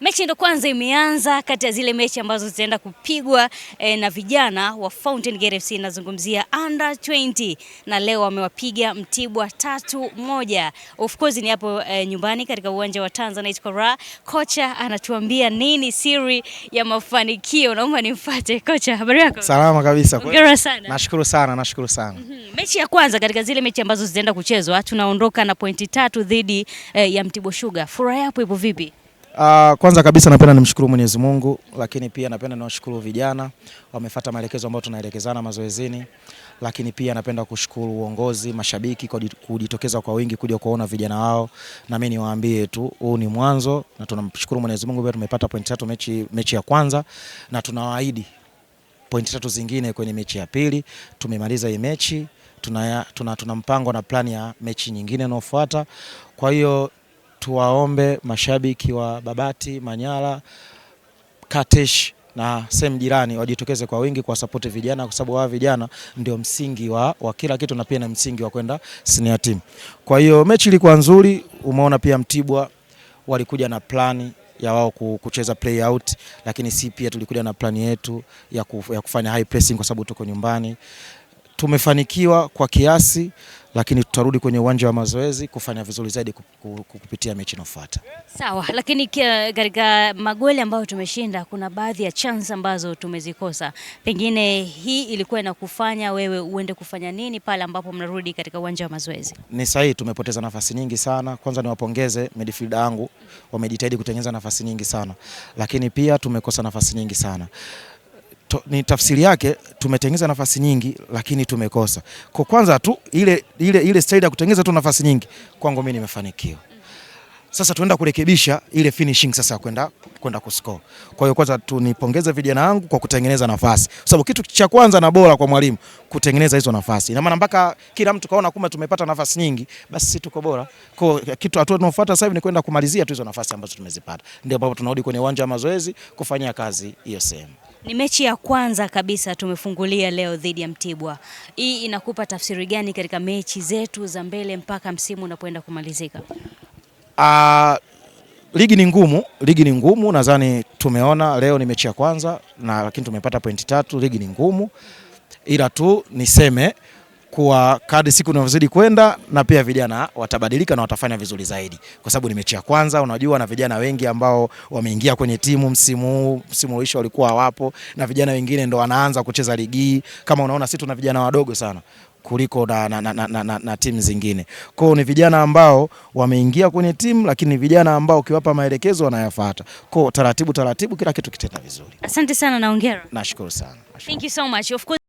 Mechi ndo kwanza imeanza kati ya zile mechi ambazo zitaenda kupigwa e, na vijana wa Fountain Gate FC nazungumzia under 20 na leo wamewapiga Mtibwa tatu moja. Of course ni hapo e, nyumbani katika uwanja wa Tanzanite Kora. Kocha anatuambia nini siri ya mafanikio? Naomba nimfuate kocha. Habari yako? Salama kabisa. Hongera sana. Nashukuru sana, nashukuru sana. Mm -hmm. Mechi ya kwanza katika zile mechi ambazo zitaenda kuchezwa tunaondoka na pointi tatu dhidi e, ya Mtibwa Sugar. Furaha yapo ipo vipi? Uh, kwanza kabisa napenda nimshukuru Mwenyezi Mungu, lakini pia napenda niwashukuru vijana wamefuata maelekezo ambayo tunaelekezana mazoezini, lakini pia napenda kushukuru uongozi, mashabiki kwa kujitokeza kwa wingi kuja kuona vijana wao, na mimi niwaambie tu huu ni mwanzo, na tunamshukuru Mwenyezi Mungu pia tumepata point tatu mechi, mechi ya kwanza, na tunawaahidi pointi tatu zingine kwenye mechi ya pili. Tumemaliza hii mechi, tuna, tuna, tuna mpango na plani ya mechi nyingine inayofuata, kwa hiyo tuwaombe mashabiki wa Babati, Manyara, Katesh na sehemu jirani wajitokeze kwa wingi kuwasapoti vijana, kwa sababu hawa vijana ndio msingi wa, wa kila kitu na pia ni msingi wa kwenda senior team. Kwa hiyo mechi ilikuwa nzuri, umeona pia Mtibwa walikuja na plani ya wao kucheza play out, lakini si pia tulikuja na plani yetu ya kufanya high pressing kwa sababu tuko nyumbani tumefanikiwa kwa kiasi, lakini tutarudi kwenye uwanja wa mazoezi kufanya vizuri zaidi kupitia mechi inayofuata. Sawa, lakini katika magoli ambayo tumeshinda kuna baadhi ya chance ambazo tumezikosa, pengine hii ilikuwa inakufanya wewe uende kufanya nini pale ambapo mnarudi katika uwanja wa mazoezi? Ni sahihi, tumepoteza nafasi nyingi sana. Kwanza niwapongeze midfielder wangu, wamejitahidi kutengeneza nafasi nyingi sana, lakini pia tumekosa nafasi nyingi sana to, ni tafsiri yake tumetengeneza nafasi nyingi lakini tumekosa. Kwa kwanza tu ile, ile, ile staili ya kutengeneza tu nafasi nyingi kwangu mimi nimefanikiwa. Sasa tuenda kurekebisha ile finishing sasa kwenda kwenda kuscore. Kwa hiyo kwanza tunipongeze vijana wangu kwa kutengeneza nafasi. Kwa Sababu kitu cha kwanza na bora kwa mwalimu kutengeneza hizo nafasi. Ina maana mpaka kila mtu kaona kumbe tumepata nafasi nyingi, basi sisi tuko bora. Kwa hiyo kitu tunofuata sasa hivi ni kwenda kumalizia tu hizo nafasi ambazo tumezipata. Ndio ambapo tunarudi kwenye uwanja wa mazoezi kufanya kazi hiyo sehemu. Ni mechi ya kwanza kabisa tumefungulia leo dhidi ya Mtibwa. Hii inakupa tafsiri gani katika mechi zetu za mbele mpaka msimu unapoenda kumalizika? Uh, ligi ni ngumu, ligi ni ngumu. Nadhani tumeona leo ni mechi ya kwanza na lakini tumepata pointi tatu. Ligi ni ngumu, ila tu niseme kuwa kadri siku inavyozidi kwenda na pia vijana watabadilika na watafanya vizuri zaidi, kwa sababu ni mechi ya kwanza, unajua, na vijana wengi ambao wameingia kwenye timu msimu huu, msimu ulisho walikuwa hawapo, na vijana wengine ndo wanaanza kucheza ligi. Kama unaona, sisi tuna vijana wadogo sana kuliko na, na, na, na, na, na na timu zingine. Kwa hiyo ni vijana ambao wameingia kwenye timu, lakini vijana ambao ukiwapa maelekezo wanayafuata. Kwa hiyo taratibu taratibu, kila kitu kitenda vizuri. Asante sana na hongera. Nashukuru sana. Thank you so much. Of course